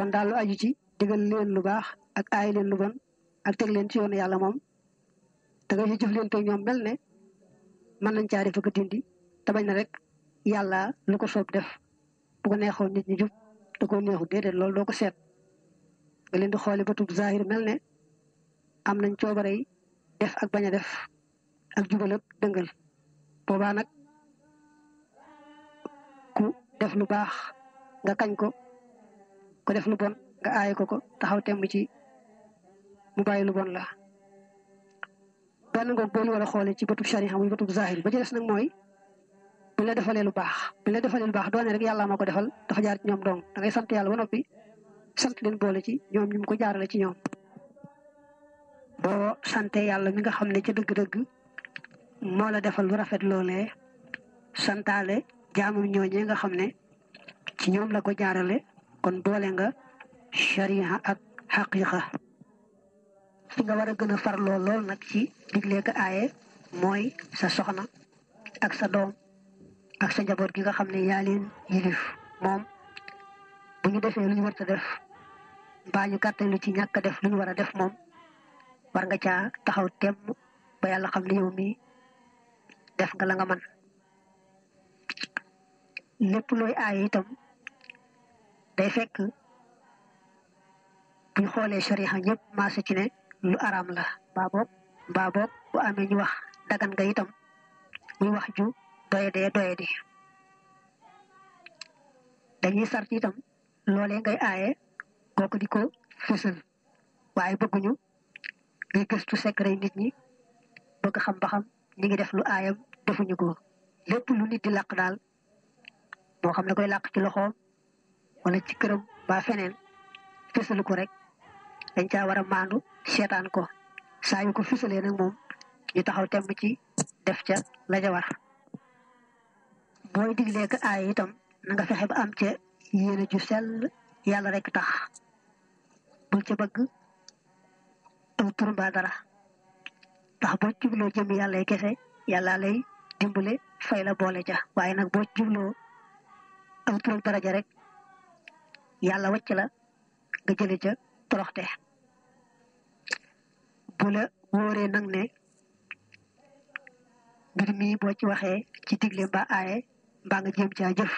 kon daal lu aju ci digal leen lu baax ak aay leen lu bon ak teg leen ci yoonu yàlla moom te nga ci jëflante ñoom mel ne mën nañ caa def ak dindi te bañ na rek yàlla lu ko soob def bu ko neexoon nit ñi jub ko neexu déedéet loolu doo ko seet nga leen di xooli ba tub zahir mel am nañ coobare yi def ak baña a def ak jubal ak dëngal boobaa nag ku def lu baax nga kañ ko ku def lu bon nga aaye ko ko taxaw temm ci mu bàyyi lu bon la. benn ngoog boo ñu war a ci bëtub sharia muy bëtub zahir ba ci des nag mooy bu la defalee lu baax bu la defalee lu baax doone rek yàlla ma ko defal dafa jaar ci ñoom dong da ngay sant yàlla ba noppi sant leen boole ci ñoom ñu ko jaarale ci ñoom. sante yàlla mi nga xam ne ca dëgg-dëgg moo la defal lu rafet loolee santaale jaamam ñooñee nga xam ne ci ñoom la ko jaarale kon doole nga shariha ak xaqiqa fi nga war a gën a farloo lool nag ci diglee ko aaye mooy sa soxna ak sa doom ak sa njaboot gi nga xam ne yaa leen yilif moom bu ñu defee lu ñu war a def mbaa ñu gàttalu ci ñàkk a def luñ ñu war a def moom war nga caa taxaw temm ba yàlla xam ne yow mi def nga la nga mën lépp looy day fekk buñ xoolee shariha ñëpp maase ci ne lu araam la mbaa boog mbaa boog bu amee wax dagan nga itam ñu wax ju doyadee doyadi dañuy sart itam loole ngay aaye kooku di ko fësal waaye bëgguñu ngay gëstu secret nit ñi bëgg xam ba xam ñi ngi def lu aayam defuñu ko lépp lu nit di làq daal moo xam ne koy làq ci loxoom wala ci këram ba feneen fësal ko rek dañ caa war a maandu seetaan ko saa ko fësalee nag moom ñu taxaw temb ci def ca la ja war booy diglee ko aay itam na ba am ca yéene ju sel yàlla rek tax bul ca bëgg aw tur dara ndax boo jubloo jëm yàlla kese yàlla lay dimbale fay la boole ca waaye nag boo jubloo aw tur ja rek yalla wacc la nga jële ca toroxte bu la wóoree nag ne mbir mi boo ci waxee ci digle ba aaye ba nga jéem caa jëf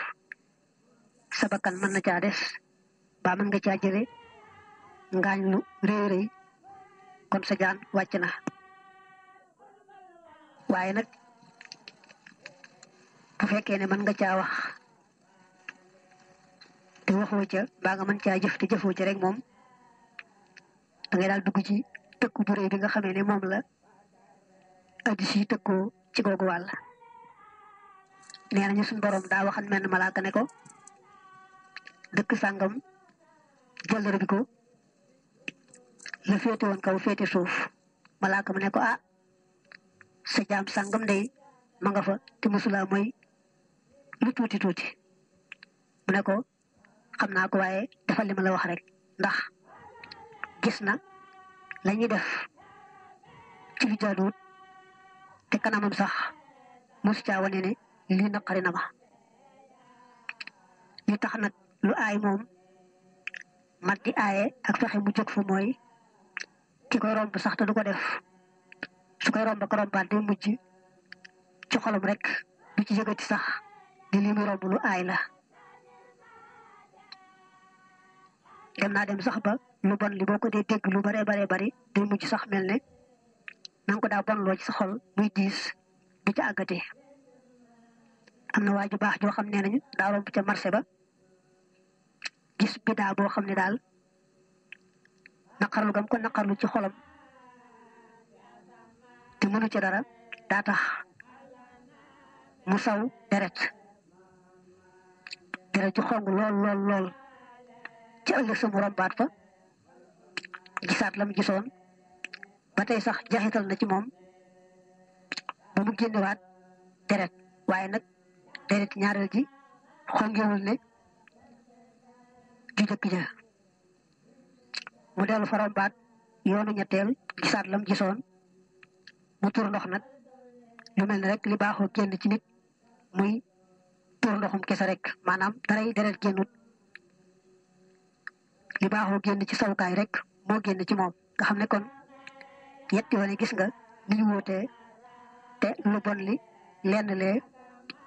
sabakan mën na caa des ba mën nga caa jële ngaañ lu réy réy kon sa jaan wàcc na waaye nag bu fekkee ne mën nga caa wax te waxoo ca mën caa jëf te jëfoo ca rek moom da ngay daal dugg ci tëkku bu rëy bi nga xamee ne moom la addis yi tëkkoo ci googu wàll. nee nañu suñu borom daa waxan menn malaaka ne ko dëkk sàngam jëllër bi ko la féete woon kaw féete suuf malaaka mu ne ko a ah, sa jaam sàngam day ma nga fa te mosulaa mooy lu tuuti tuuti mu ne ko. xam naa ko waaye defal li ma la wax rek ndax gis na la def ci lu jaaduwut te kanamam sax mosu caa wane ne lii na ma li tax nag lu ay moom mat di aaye ak fexe mu jóg fu mooy ki koy romb sax te du ko def su koy romb ko rombaat day mujj ci xolom rek du ci yëgati sax di lii romb lu aay la dem naa dem sax ba lu bon li boo ko dee dégg lu bëree baree bëri day mujj sax mel ne na ko daa bonloo ci sa xol muy diis du ca àggatee. am na waa ju baax joo xam ne nañu daa romb ca marché ba gis bidaa boo xam ne daal naqarlu gam ko naqarlu ci xolam te mënu ci dara daa tax mu saw deret deret ju xong lool lool lool. ci ëllëg sa mu rombaat fa gisaat la mu gisoon ba tey sax jaxital na ci moom ba mu génnewaat deret waaye nag deret ñaareel ji xongewul ne ju jëkk mu dellu fa rombaat yoonu ñetteel gisaat la mu gisoon mu tur ndox nag lu mel ne rek li baaxoo génn ci nit muy tur ndoxum kese rek maanaam daray deret génnut li baaxoo génn ci solukaay rek moo génn ci moom nga xam ne kon yett yoone gis nga ni ñu wootee te lu bon li lenn lee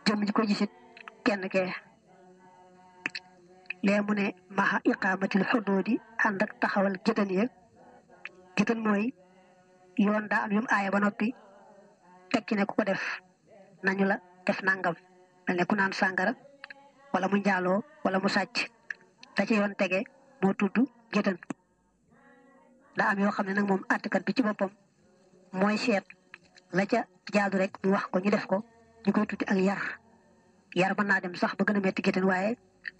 jëm ji ko gisit kenn kee lee mu ne maxa iqaamatil xuduudi ànd ak taxawal gétan ya gétan mooy yoon daa am yum aaya ba noppi tekki ne ku ko def nañu la kes nangam mel ne naan sàngara wala mu njaaloo wala mu sàcc da ci yoon tege moo tudd gétan daa am yoo xam ne nag moom àttekat bi ci boppam mooy seet la ca jaadu rek mu wax ko ñu def ko ñu koy tuuti ak yar yar mën naa dem sax ba gën a métti gétan waaye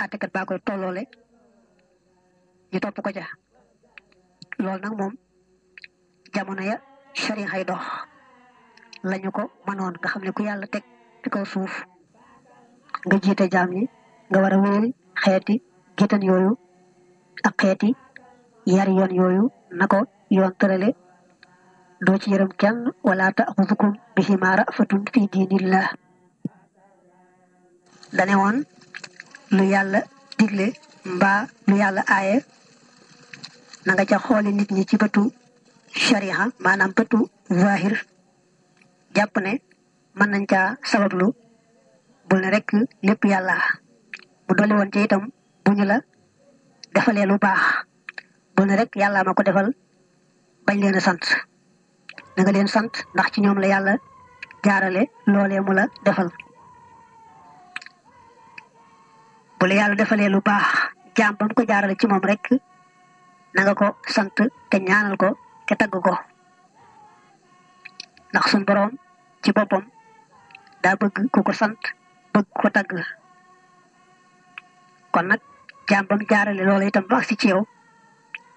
àttekat baa koy tolloole ñu topp ko ca loolu nag moom jamono ya sariya ay dox lañu ko mënoon nga xam ne ku yàlla teg ci kaw suuf nga jiite jaam nga war a xeeti gétan yooyu ak xeeti yar yoon yooyu na ko yoon tërale doo ci yërëm kenn wala taaxudukum bihimaa rafatun fi diinillah dane woon lu yàlla digle mbaa lu yàlla aaye na nga ca xoole nit ñi ci bëtu shariha maanaam bëtu zahir jàpp ne mën nañ caa sabablu bul rek lépp yàlla bu dolli woon ci itam bu defalee lu baax doon rek yàlla ma ko defal bañ leen a sant na leen sant ndax ci ñoom la yàlla jaarale loolee mula defal bu la yàlla defalee lu baax jaam ba ko jaarale ci moom rek na ko sant te ñaanal ko te tagg ko ndax suñ boroom ci boppam daa bëgg ku ko sant bëgg ko tagg kon nag jambam jaarale loola itam ba agsi ci yow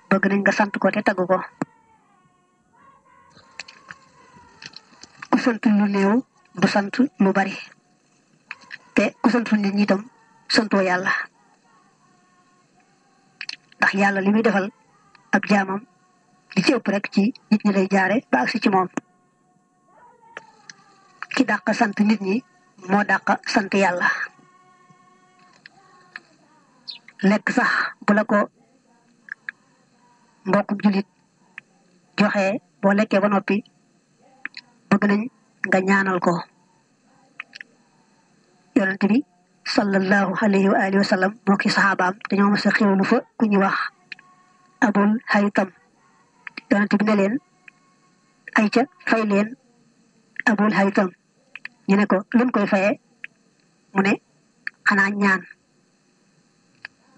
bëgg nañ nga sant ko te tagg ko ku sant lu néew bu sant lu bari te ku sant nit ñi itam santoo yàlla ndax yàlla li muy defal ab jaamam di ci ëpp rek ci nit ñi lay jaare ba agsi ci moom ki dàq sant nit ñi moo dàq sant yàlla lekk sax bu la ko mbokkum jullit joxe boo lekkee ba noppi bëgg nañ nga ñaanal ko yonent bi sallallahu alayhi wa alihi wa sallam moo ki saxaabaam dañoo mas a xéwlu fa ku ñu wax abul haytam yonent bi ne leen ay ca fay leen abul haytam ñu ko luñ koy fayee mune ne xanaa ñaan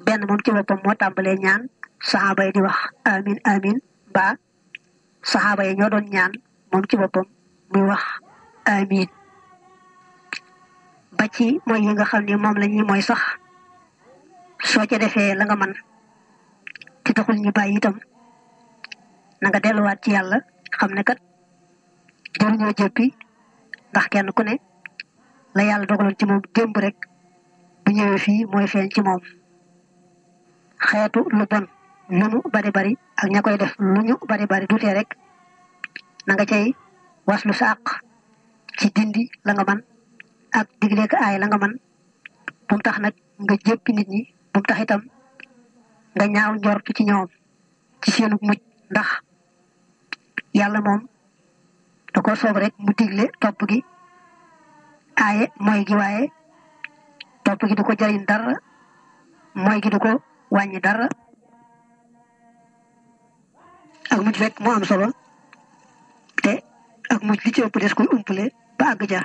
benn moom ci boppam moo tàmbalee ñaan saxaaba yi di wax amin amin ba saxaaba yi ñoo doon ñaan moom ci boppam muy wax amin ba ci mooy yi nga xam ni moom lañu ñuy mooy sax soo ca defee la nga man te taxul ñu bàyyi itam na nga delluwaat ci yàlla xam ne kat jëruñoo jëppi ndax kenn ku ne la yàlla dogaloon ci moom démb rek bu ñëwee fii mooy feeñ ci moom xeetu lu bon lu nu bari bari ak ñakoy def nu bari bari dutee rek na nga cey waslu saq ci dindi la nga man ak digle ka ay la nga man bu tax nak nga jéppi nit ñi bu tax itam nga ñaaw njort ci ñoom ci seenu muj ndax yalla mom da ko soob rek mu digle top gi aaye moy gi top gi du ko jariñ dara moy gi du ko wàññi dara ak mujj fekk moo am solo te ak mujj li ci ëpp des koy umpale ba àgg ja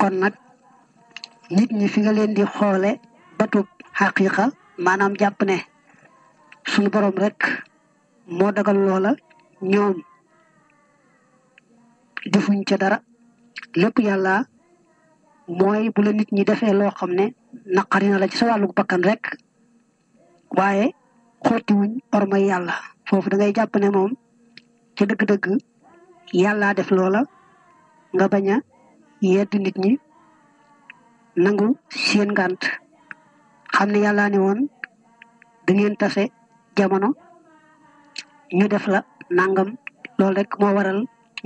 kon nag nit ñi fi nga leen di xoole batub xaqiqa maanaam jàpp ne suñu borom rek moo dagal loola ñoom defuñ ca dara lépp yàlla mooy bu nit ñi defee loo xam ne naqari na la ci sa wàllu bakkan rek waaye xotti wuñ ormay yàlla foofu da ngay jàpp ne moom ca dëgg-dëgg yàllaa def loola nga bañ a yedd nit ñi nangu seen ngànt xam ne yàllaa ne woon da ngeen tase jamono ñu def la nangam loolu rek moo waral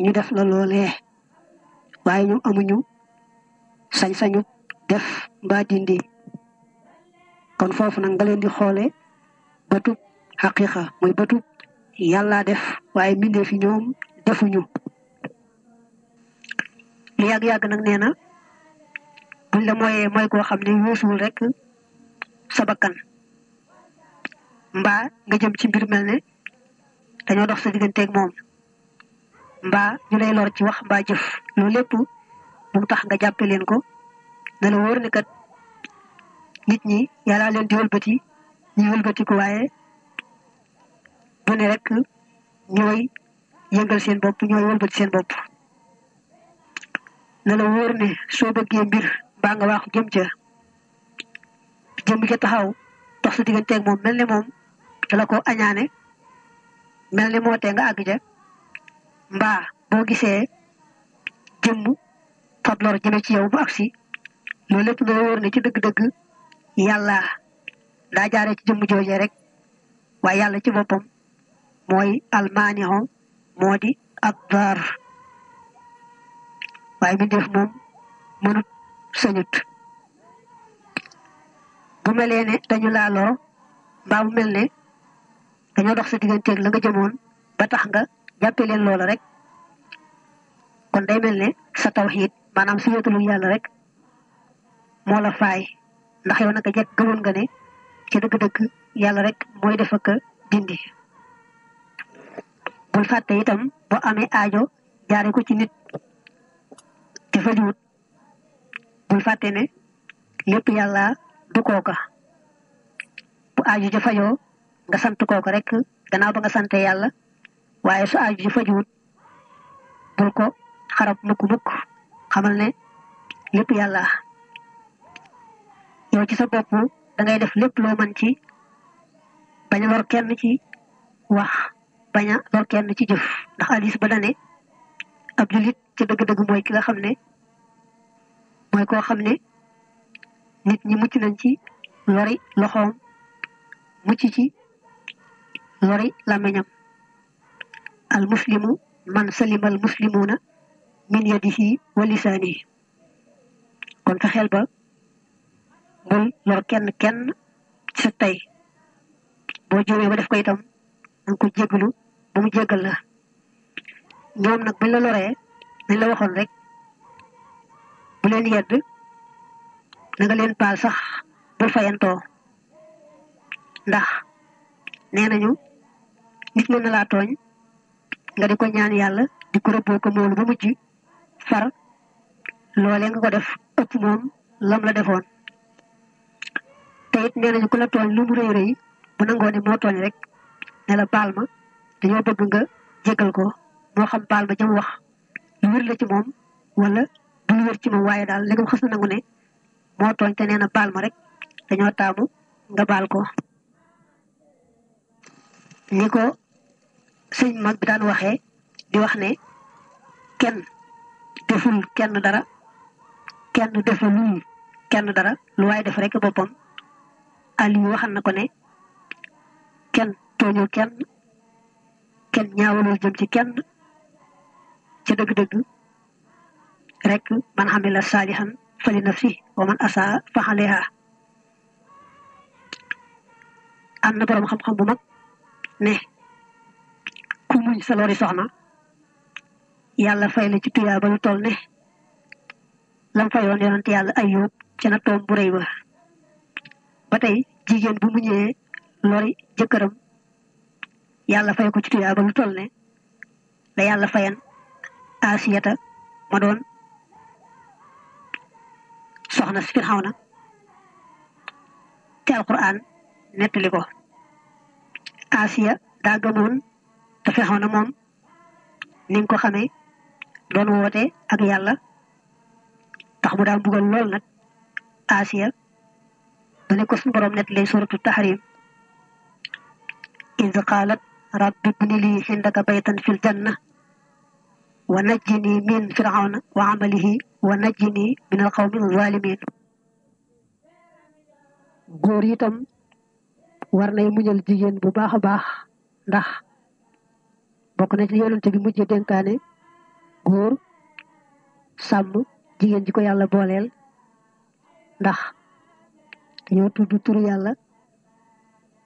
ñu def la loolee waaye ñoom amuñu sañ-sañu def mbaa dindi kon foofu nag nga leen di xoolee bëtub xaqiqa mooy batu yàllaa def waaye mbindee fi ñoom defuñu lu yàgg-yàgg nag nee na buñ la mooyee mooy koo xam ne weesuwul rek sa mba mbaa nga jëm ci mbir mel ne dañoo dox sa digganteeg moom mbaa ñu lay lor ci wax mbaa jëf loolu lépp mu tax nga jàppe leen ko na la wóor ne kat nit ñi yàlla leen di wëlbati ñi wëlbati ko waaye bu ne rek ñoy yëngal seen bop ñoy wëlbati seen bop na la wóor ne soo bëggee mbir ba nga wax jëm ci jëm ci taxaw tax sa digënté ak mom melni mom dala ko añaané melni mo té nga ag ja mba bo gisé jëmm fab lor jëme ci yow bu agsi loolu lépp na la ci dëgg-dëgg yàlla daa jaaree ci jëmm joojee rek waaye yàlla ci boppam mooy almaanixo moo di ak daar waaye bi moom mënut sañut bu melee ne dañu laa loro mbaa bu mel ne dañoo dox sa digganteeg la nga jëmoon ba tax nga jàppe leen loola rek kon day mel ne sa tawxiid maanaam si wéetalul yàlla rek moola la faay ndax yow naka jekk gëmoon nga ne ci dëgg-dëgg yàlla rek mooy def ak dindi. bul fàtte itam bo amee aajo jaare ko ci nit te fajuwut bul fàtte ne lépp yàlla du kooka bu aajo ja fajoo nga sant kooka rek gannaaw ba nga sante yàlla waaye su ajo ja fajuwut bul ko xarab mukk mukk xamal ne lépp yàlla yow ci sa bopp da ngay def lépp loo man ci bañ a lor kenn ci wax bañ a lor kenn ci jëf ndax hadis ba dane ab julit ca dëgg-dëgg mooy ki nga xam ne mooy koo xam ne nit ñi mucc nañ ci lori loxoom mucc ci lori làmmiñam al muslimu man salimal muslimuna min yadihi wa lisaanihi kon fexeel ba bul lor kenn kenn ci sa tey boo juumee ba def ko itam danga ko jéggalu ba mu jéggal la ñoom nag buñ la re dañ la waxoon rek bu leen yedd na leen baal sax bul fayantoo ndax nee nañu nit mën na laa tooñ nga di ko ñaan yàlla di ko rëbboo ko moolu ba mujj far loolee nga ko def ëpp moom lam la defoon te it nee nañu ku tooñ lu mu rëy rëy bu nangoo moo tooñ rek ne baal ma dañoo bëgg nga jégal ko moo xam baal ma jëm wax lu wér la ci moom wala du lu ci moom waaye daal léegi xas na nangu ne moo tooñ te nee na baal ma rek dañoo taamu nga baal ko ni ko sëñ mag bi daan waxee di wax ne kenn deful kenn dara kenn defalul kenn dara lu waaye def rek boppam Aliou waxal na ko ne kenn tooñoo kenn kenn ñaawaloo jëm ci kenn ci dëgg-dëgg rek man amila saalihan fali nafsi wa man asa fa aleyha am na borom xam-xam bu mag ne ku muñ sa lori soxna yàlla fay la ci tuyaaba lu toll ne lam fayoon yonent yàlla ayub ca na toom bu ba tey jigéen bu muñee lori jëkkëram yàlla fay ko ci ba lu toll ne la yàlla fayan asiyata ma doon soxna si Firawna te alquran nettali ko asiya daa gëmoon te Firawna moom ni nga ko xamee doon woote ak yàlla tax mu daan bugal lool nag asiya dane ko sun borom net lay suratu tahrim qalat rabbi ibni li indaka baytan fil janna wa min fir'auna wa amalihi wa najjini min alqawmi alzalimin góor itam war nay muñal bu baax a baax ndax bokk na ci yonente bi wóor sàmm jigéen ji ko yàlla booleel ndax dañoo tudd turu yàlla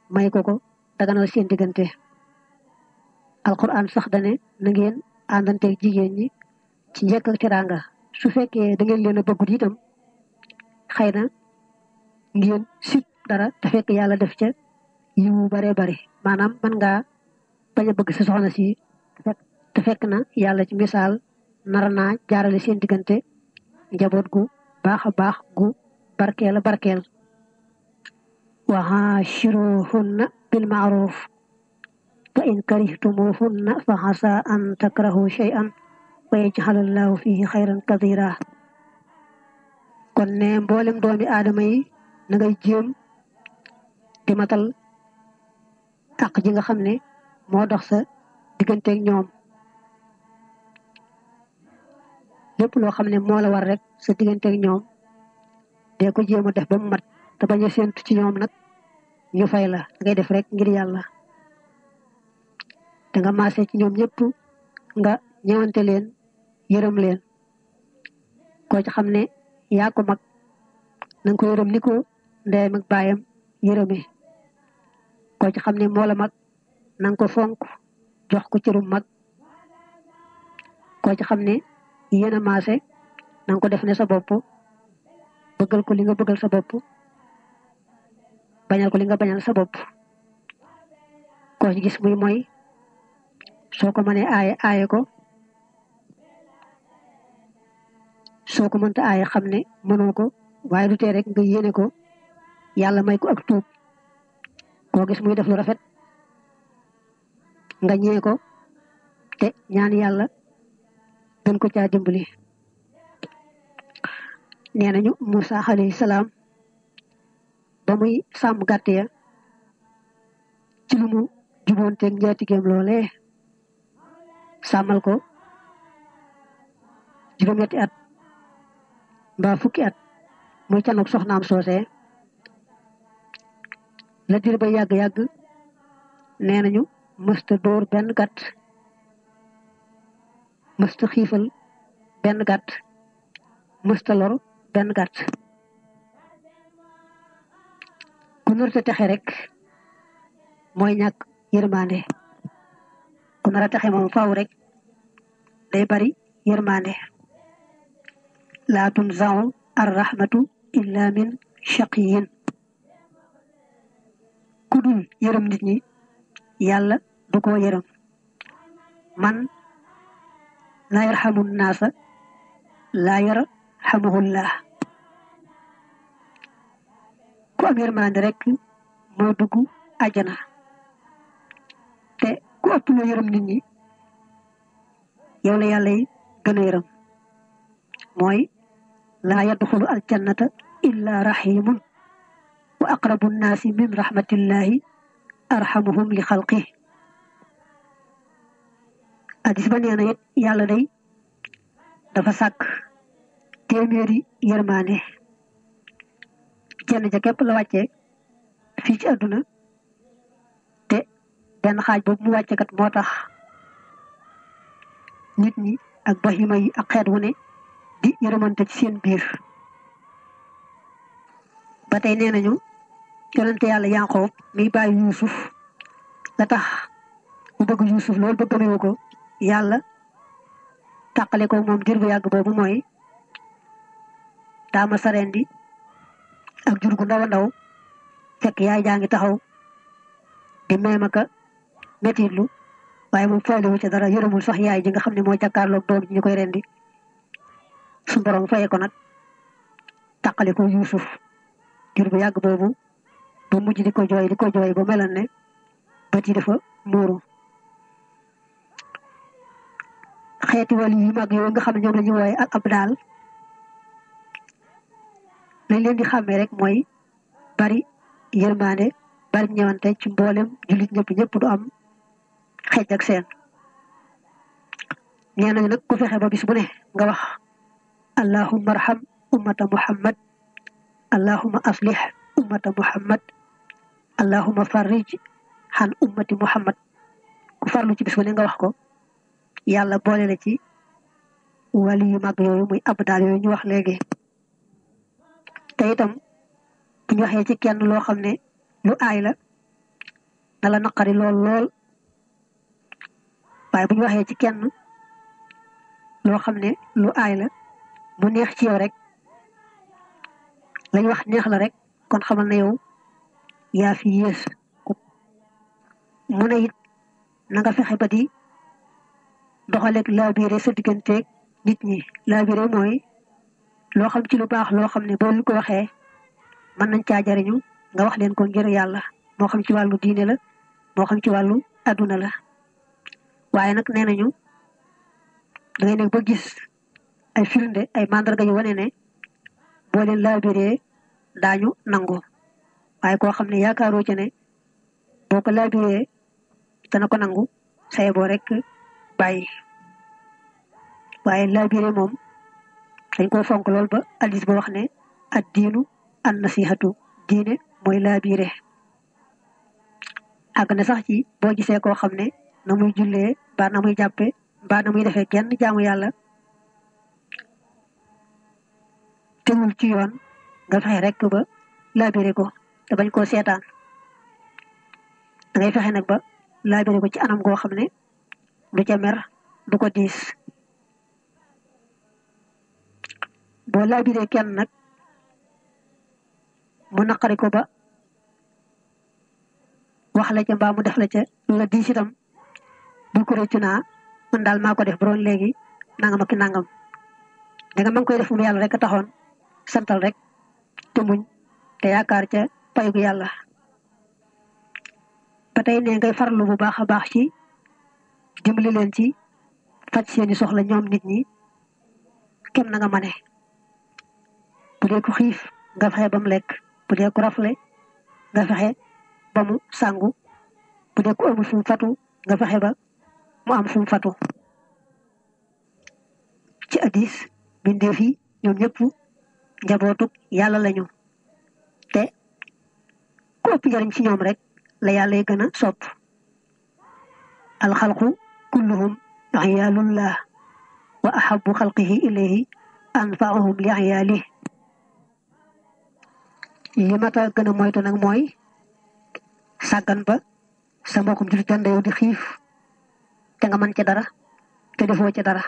may ko ko daganal seen diggante alquran sax dane na ngeen àndanteeg jigéen ñi ci njëkk ak su fekkee da ngeen leen a bëggut itam xëy na ngeen sib dara te fekk yàlla def ca yu bare bare maanaam man ngaa bañ a bëgg sa soxna si te fekk na yàlla ci misaal nar naa jaarale seen diggante njaboot gu baax a baax gu barkeel a barkeel wa haashiruhunna bil ma'ruf fa in karihtumuhunna fa hasa an takrahu shay'an wa yaj'al allahu fihi khayran kathira kon ne mboolem doomi aadama yi na ngay jéem di matal ak ji nga xam ne moo dox sa digganteeg ñoom lepp lo xamne mo la war rek sa diggante ak ñoom dee ko jëmu def ba mu mat ta bañ sentu ci ñoom nak ñu fay la ngay def rek ngir yalla da nga maase ci ñoom ñepp nga ñewante leen yërëm leen ko ci xamne ya ko mag nang ko yërëm niko ko ndeyam bayam baayam ko ci xamne mo la mag nang ko fonk jox ko cërum mag ko ci xamne yena masé nang ko def né sa bop bëggal ko li nga bëggal sa bop bañal ko li nga bañal sa bop ko ci gis muy moy soko mané ay ay ko soko ko ta ay xamné mëno ko waye du té rek nga yéné ko yalla may ko ak ko gis muy def lu rafet nga ñé ko te ñaan yalla dañ ko caa dimbali nee nañu Moussa alayhi salaam ba muy sàmm gàtt ya ci lu mu juboonteeg njaatigéem loolee ko juróom-ñetti at mbaa fukki at muy canok soxnaam soosee la ba yàgg-yàgg nee nañu mësta dóor benn gàtt mësta xiifal benn gàtt mësta lor benn gàtt ku narta texe rek mooy ñàkk yërmande ku nar a texe moom faaw rek day bari yërmande laa tunzau ar rahmatu illa min shaqiyin ku dul yërëm nit ñi yàlla du ko man la yarhamu nasa la yarhamuhullah ku am yërmande rek mo duggu ajana te ku ëpp loo yërëm nit ñi yow la yàlla gën a yërëm mooy la yadxulu aljannata illa rahimun wa aqrabu nnaasi min rahmatillahi arhamuhum li xalqih addis ba nee na it yàlla day dafa sàkk téeméeri yërmaane jenn ja képp la wàccee fii ci àdduna te benn xaaj boobu mu wàcce kat moo tax nit ñi ak bahima yi ak xeet wu ne di yërmante ci seen biir ba tey nee nañu yonente yàlla Yaaqoob mi bàyyi Yuusuf la tax mu bëgg Yuusuf loolu ba gëmewu ko yàlla tàqale ko moom jur bu yàgg boobu mooy daama sareen di ak jur gu ndaw a ndaw fekk yaay jaa ngi taxaw di may ma ka méttiitlu waaye moom foolewu ci dara yërëmul sax yaay ji nga xam ne moo jàkkaarloog doom ji koy rendi su borom fayee ko nag tàqale ko Yuusuf jur bu yàgg boobu ba mujj di ko jooy di ko jooy ba melan ne bët yi dafa muuru xeeti wali yu mag yooyu nga xam ne ñoom la ñu wooye al abdaal lañ leen di xàmmee rek mooy bari yërmaane bari ñewante ci mboolem julit ñëpp ñëpp du am xej ak seen nee nañu nag ku fexe ba bis bu ne nga wax allahumma arham ummata muhammad allahumma aslih ummata muhammad allahumma farrij han ummati muhammad ku farlu ci bis bu ne nga wax ko yàlla boole na ci wali yu mag yooyu muy abdaal yooyu ñu wax léegi te itam bu ñu waxee ci kenn loo xam ne lu aay la dala naqari lool lool waaye bu ñu waxee ci kenn loo xam ne lu aay la mu neex ci yow rek lañ wax neex la rek kon xamal na yow yaa fi yées mu ne it fexe ba di doxaleeg laabire sa digganteeg nit ñi laabire mooy loo xam ci lu baax loo xam ne boo leen ko waxee mën nañ caa jariñu nga wax leen ko ngir yàlla moo xam ci wàllu diine la moo xam ci wàllu adduna la waaye nag nee nañu dangay nekk ba gis ay firnde ay mandarga yu wane ne boo leen laabiree daañu nangu waaye koo xam ne yaakaaroo ci ne boo ko laabiree dana ko nangu saye boo rek bàyyi waaye laabire moom dañ koo fonk lool ba alis ba wax ne ad diinu an nasihatu diine mooy laabire àgg na sax ci boo gisee koo xam ne na muy jullee mbaa na muy jàppe mbaa na muy defee genn jaamu yàlla tegul ci yoon nga fexe rek ba laabire ko te bañ koo seetaan da ngay fexe nag ba laabire ko ci anam goo xam ne du ca mer du ko diis boo laabiree kenn nag mu naqari ko ba wax la ca mbaa mu def la ca la diis itam bul ko réccu naa man daal maa def léegi nangam ak nangam danga ma ngi koy def mu yàlla rek a taxoon santal rek te muñ te yaakaar ca pay yàlla ba tey ne ngay farlu bu baax baax ci dimbali len ci faj seeni soxla ñoom nit ñi kem na nga mané bu dee ko xiif nga fexe ba mu lekk bu dee ko rafle nga fexe ba mu sangu bu dee ko amul fu fatu nga fexe ba mu am fu fatu ci hadis bindeef yi ñoom ñëpp yàlla lañu te ku ëpp njariñ ci ñoom rek la yàlla gën a sopp kulluhum عيالullah wa ahabbu khalqihi ilayhi anfa'uhum li 'ayalih yi mata gëna moytu nak moy sagan ba sa mbokum ci tan yow di xif te nga man ci dara te defo ci dara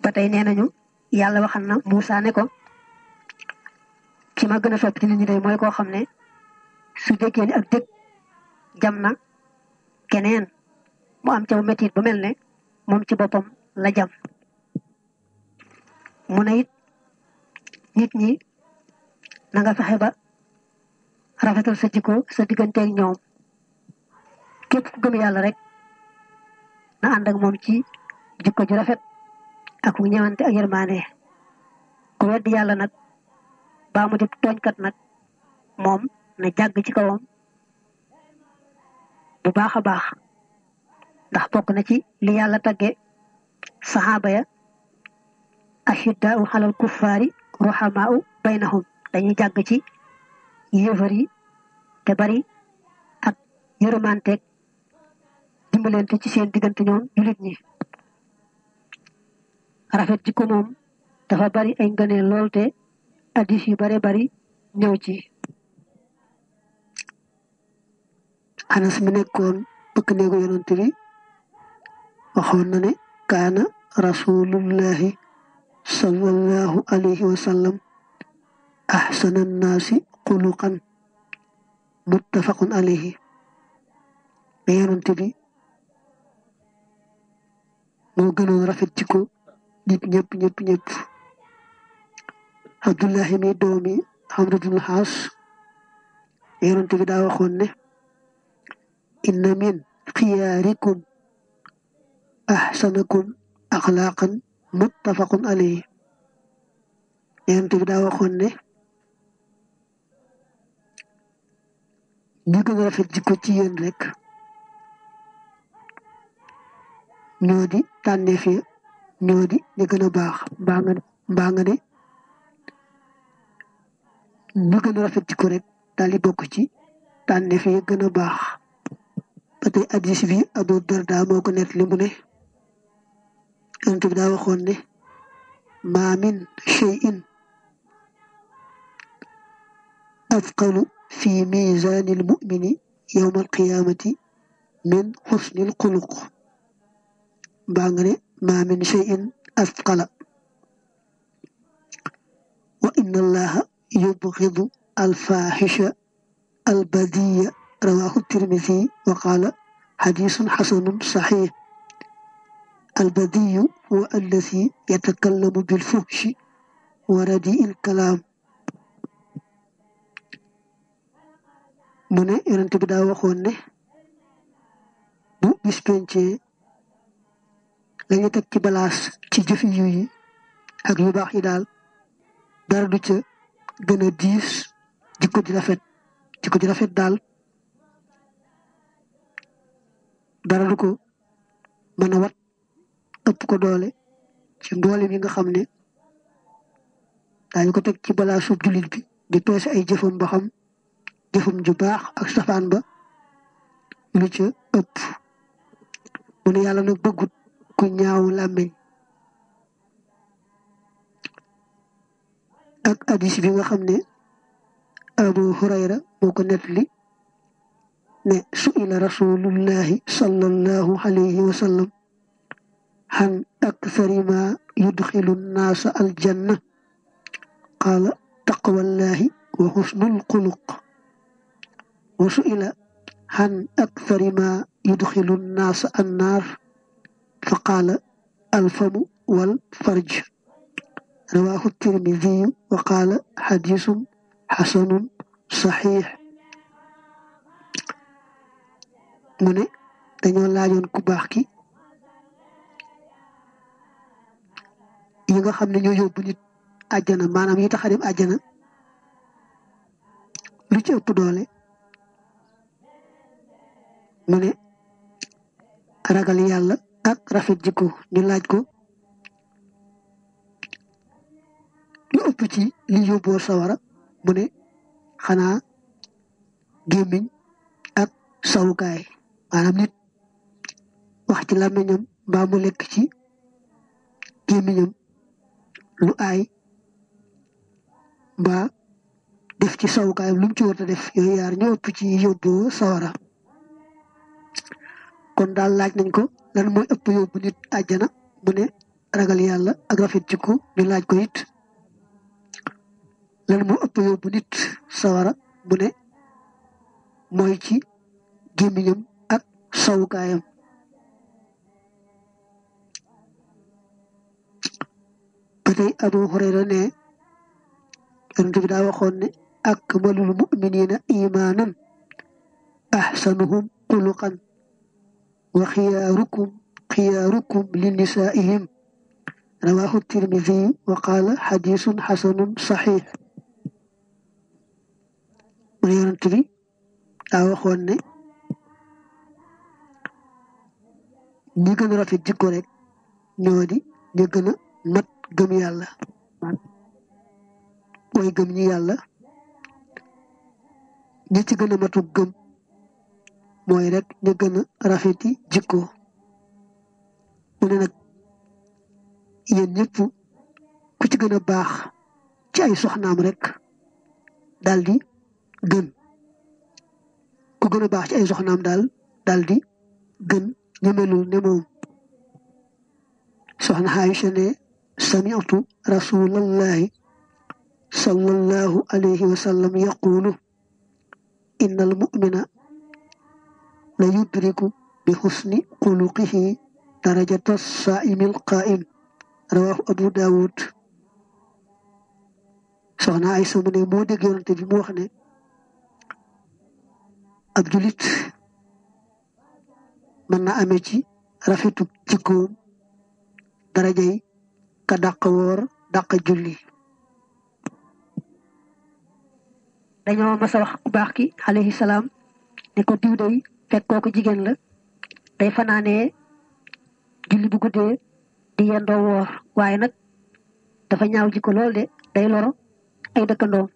batay nenañu yalla waxal na musa ne ko ki ma gëna sopp ci nit ñi day moy ko xamne keneen mu am ci metit bu melne ne ci bopam la jam mu ne it nit ñi na nga fexe ba rafetal sa jikko sa digganteeg ñoom képp ku gëm yàlla rek na ànd ak moom ci jikko ju rafet ak ñewante ak yermane ku wedd yàlla nag baa mu di tooñkat nag moom na jàgg ci kawam bu baax a baax ndax bokk na ci li yàlla tagge sahaba ya ashiddaa'u xalal kuffaari ruhamaa'u baynahum dañuy jàgg ci yéefar yi te bari ak yërëmanteeg dimbalante ci seen diggante ñoom julit ñi rafet ko moom dafa bari ay ngëneel lool te hadis yu bare bari ñëw ci anas mi nekkoon bëkk neegu yonante bi waxoon na ne kaana rasulullahi sallallahu alayhi wa sallam ahsana nnaasi xuluqan muttafaqun alayhi ne yonante bi moo gënoon rafet ci ko nit ñëpp ñëpp ñëpp abdullahi mi doomi amr ibn al-has yonante bi daa waxoon ne inna min xiyaarikum ahsanakum axlaaqan muttafaqun alayhi yonent bi daa waxoon ne ñu gën a rafet jikko ci yéen rek ñoo di tànneef yi ñoo di ñu gën a baax mbaa nga ne mbaa nga ne ñu gën a rafet jikko rek daal di bokk ci tànneef yi gën a baax ba tey hadiis bi Abu Darda moo ko nettali mu يونتو بدا وخون ما من شيء أثقل في ميزان المؤمن يوم القيامة من حسن الخلق ما من شيء أثقل وإن الله يبغض الفاحشة البذيء رواه الترمذي وقال حديث حسن صحيح البذي هو الذي يتكلم بالفحش ورديء الكلام من يرنت بدا واخون ني بو بيسبنتي لا ني تك تي بلاص تي جيفي يوي اك يو باخي دال دار دو تي غنا ديس ديكو دي رافيت ديكو دي رافيت دال دار دوكو من وات ëpp ko doole ci mboolem yi nga xam ne daañu ko teg ci balaa suuf jullit bi di peese ay jëfam ba xam jëfam ju baax ak safaan ba lu ëpp mu ne yàlla nag bëggut ku ñaaw làmmiñ ak hadis bi nga xam ne abu hurayra moo ko nettali ne suila rasulullahi sallallahu alayhi wa عن أكثر ما يدخل الناس الجنة قال تقوى الله وحسن الخلق وسئل عن أكثر ما يدخل الناس النار فقال الفم والفرج رواه الترمذي وقال حديث حسن صحيح من dañoo laajoon ku yi nga xam ne ñoo yóbbu nit àjjana maanaam yi tax a lu ci doole mu ne ragal yàlla ak rafet jikko ñu laaj ko lu ëpp ci li yóbboo sawara mu ne xanaa gémmiñ ak sawukaay maanaam nit wax ci làmmiñam mbaa lekk ci gémmiñam lu ay ba def ci sawukaayam lu ci war def yooyu yar ñoo ëpp ci yobbu sawara kon dal laaj nañ ko lan moy ëpp yóbbu nit aljana bu ne ragal yalla ak rafet ko ñu laaj ko it lan moy ëpp yóbbu nit sawara bu ne moy ci gemiñum ak sawukaayam ba tey abu hurayra ne yonent bi daa waxoon ne akmalul muminina imaanan ahsanuhum xuluqan wa xiyaarukum xiyaarukum li nisaa'ihim rawaahu tirmidi wa qaala xadiisun xasanun saxiix mu ne yonent bi daa waxoon ne ñi gën a rafet jikko rek ñoo di ñi gën a mat gëm yàlla mooy gëm ñi yàlla ñi ci gën a gëm mooy rek ñu gën rafeti jikko mu na nag yéen ku ci gën a baax ci ay soxnaam rek daldi gën ku gën a baax ci ay soxnaam dal daldi di gën ñu ne moom soxna Aïcha ne سمعت رسول الله صلى الله عليه وسلم يقول إن المؤمن ليدرك بحسن خلقه درجة الصائم القائم رواه أبو داود soxna عيسى من المودة moo dégg أبجلت من mu رفيتك تكون درجة ka dàq woor dàq julli dañoo mas a wax ku baax ki alayhi salaam ne ko diw day fekk kooku jigéen la day fanaanee julli bu guddee di yendoo woor waaye nag dafa ñaaw jikko lool de day loro ay dëkkandoom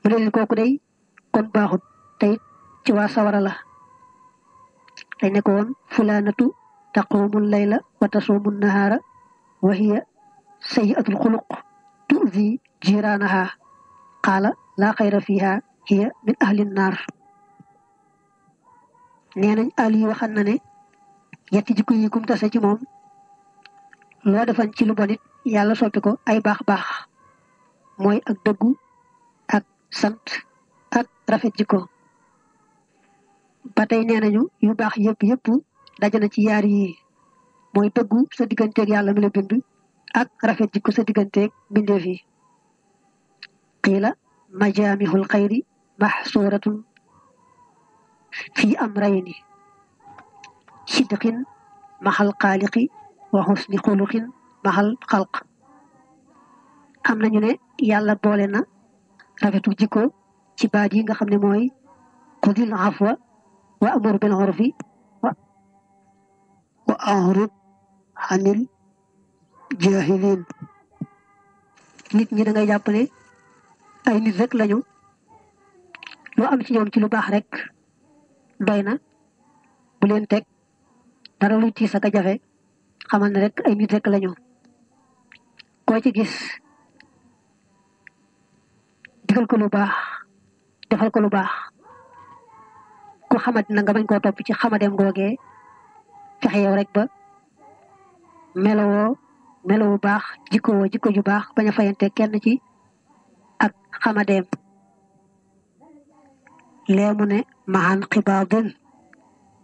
mu ne leen kooku kon baaxut tey ci sawara la dañ ne ko woon fulaanatu taqumu al-laila wa tasumu nahara wa hiya sayyi'atu al-khuluq tu'zi kala la khayra fiha hiya min ahli an-nar nena ali waxan na ne yati jiku yi kum tasse ci mom lo ko ay bax bax moy ak deggu ak sant ak rafet jiko batay nenañu yu bax yep yep dajana ci yaar yi moy teggu sa digante ak yalla mi la ak rafet jikko sa digante ak bindeef yi qila majamihul xayri mahsuratun fi amrayni sidqin mahal xaaliqi wa husni khuluqin mahal khalq am nañu ne yalla boole na rafetu jikko ci nga xam moy mooy afwa wa amur bil urfi a'rid Hanil, jahilin nit ñi da ngay jappalé ay nit rek lañu lo am ci ñoom ci lu bax rek doyna bu len tek dara ci sa ka jafé xamal na rek ay nit rek lañu ko ci gis digal ko lu bax defal ko lu bax ko xamat na nga bañ ko top ci xamadem fexe yow rek ba melowoo melo bu baax jikkowoo jikko ju baax baña fayante kenn ci ak xamadeem lee mu ne maxan qibadun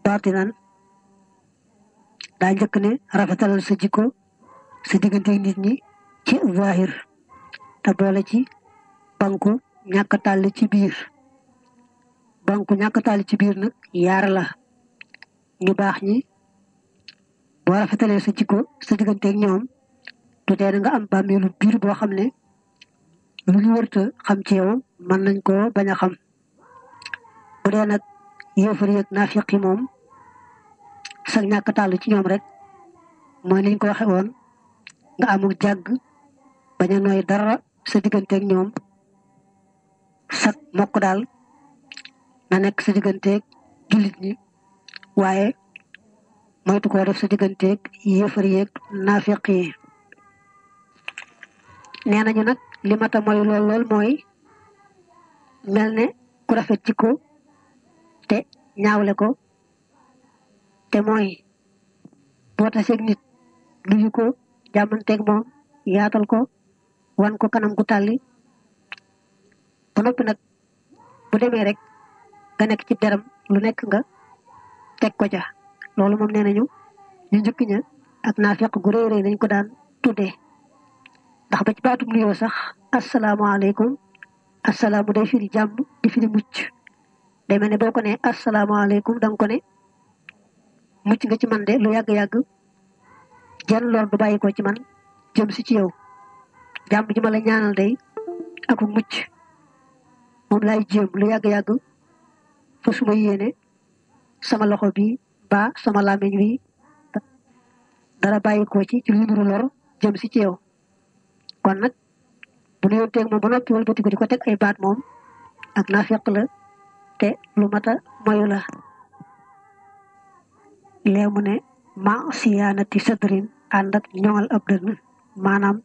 baatinan da njëkk ne rafetalal sa jikko sa diggante nit ñi ci zahir ta boole ci banku ñaka tal ci biir banku ñaka tal ci biir nak yar la ñu baax ñi bo rafetalee sa ci ko sa digante ak ñoom du tee nga am bàmmeelu biir boo xam ne lu ñu wërta xam ci yow man nañ ko bañ a xam bu dee nag yéefar yeeg naafiq yi moom sa ñàkk tàll ci ñoom rek mooy nañ ko waxe woon nga amul jàgg bañ a nooy dara sa digante ak ñoom sak mokk daal na nekk sa digante ak jullit ñi waaye moytu ko def sa digënté ak yéfar iya, yek ya. nafiqi nenañu nak limata moy lol lol moy melne ku rafet ci ko te ñaawle ko te moy bo tassé nit duju ko jamanté ak mom yaatal ko wan ko kanam gu tali ba nopi nak bu démé rek nga nek ci deram lu nek nga tek ko ja loolu moom nee nañu ñu njëkk ña ak naafeq gu rëy rëy dañ ko daan tuddee ndax ba ci baatum nuyoo sax asalaamaaleykum asalaamu day firi jàmm di firi mucc day mel ne boo ko nee asalaamaaleykum da nga ko ne mucc nga ci man de lu yàgg-yàgg jenn lool du bàyyi ko ci man jëm si ci yow jàmm ji ma ñaanal day ak mucc moom laay jéem lu yàgg-yàgg fa suma yéene sama loxo bi ba sama lamiñ wi dara bàyyi ko ci ci lu lor jëm si ci ciow kon nak bu ñu yonteeg moom ba ci wal ko ko ay baat mom ak la te lu mata mayu la mu ne ma siyaanati sadrin andak ñongal ab dënn manam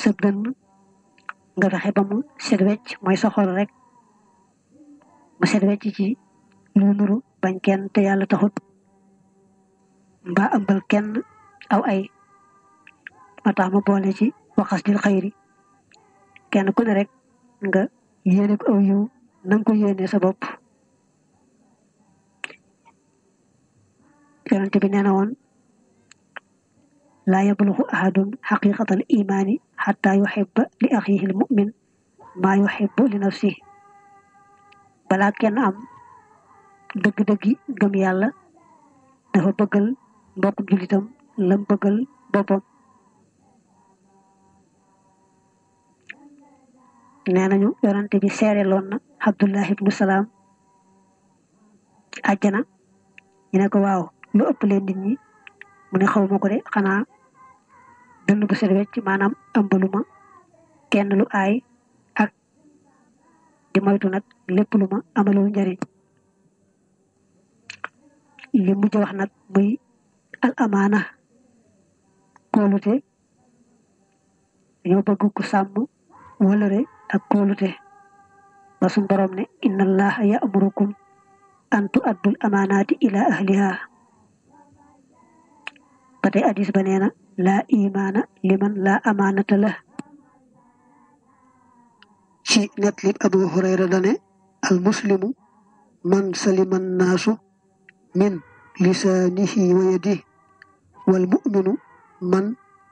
sëb dënn nga waxe ba mu set wecc mooy soxol rek mu ci ñu nuru bañ kenn te yalla taxut mbak ëmbal kenn aw ay mata tax ma boole ci waxas dil xayri kenn ku ne rek nga yéene ko aw yiw na ko yéene sa bopp yonent bi nee na woon laa ahadun xaqiqata al imaani xata li axihi almumin mumin maa li nafsihi balaa am dëgg-dëggi gëm yàlla dafa bëggal bop julitam lam bëggal boppam nee nañu yorante bi seere loon na abdullah ibnu salaam àjjana ñu ne ko waaw lu ëpp leen nit ñi mu ne xawma ko de xanaa dund bu set wecc maanaam ëmbaluma kenn lu aay ak di moytu nag lépp lu ma amalul njariñ li mujj wax nag muy Al amana kóolute yo bëgg ku sàmm re ak kóolute ba sun borom ne inna allaha ya'murukum an al amanati ila ahliha ba hadis ba la imana liman la amanata la ci net abu hurayra dane al muslimu man saliman nasu min lisanihi wa yadihi wal mu'minu man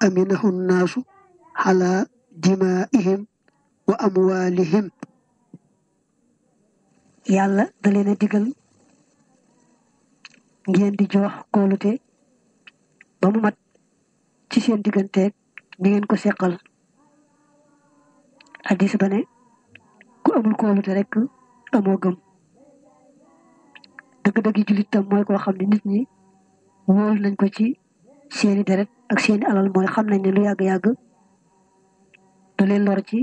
aminahu naasu ala jimaa'ihim wa amwaalihim yàlla da leen a digal ngeen di jox kóolute ba mu mat ci seen digganteeg ni ngeen ko seqal addis ba ne ku amul kóolute rek amoo gam dëgg-dëgg jullit tam mooy ko xam ne nit ñi wóolu nañ ko ci seeni deret ak seeni alal mooy xam nañ ne lu yàgg yàgg da leen lor ci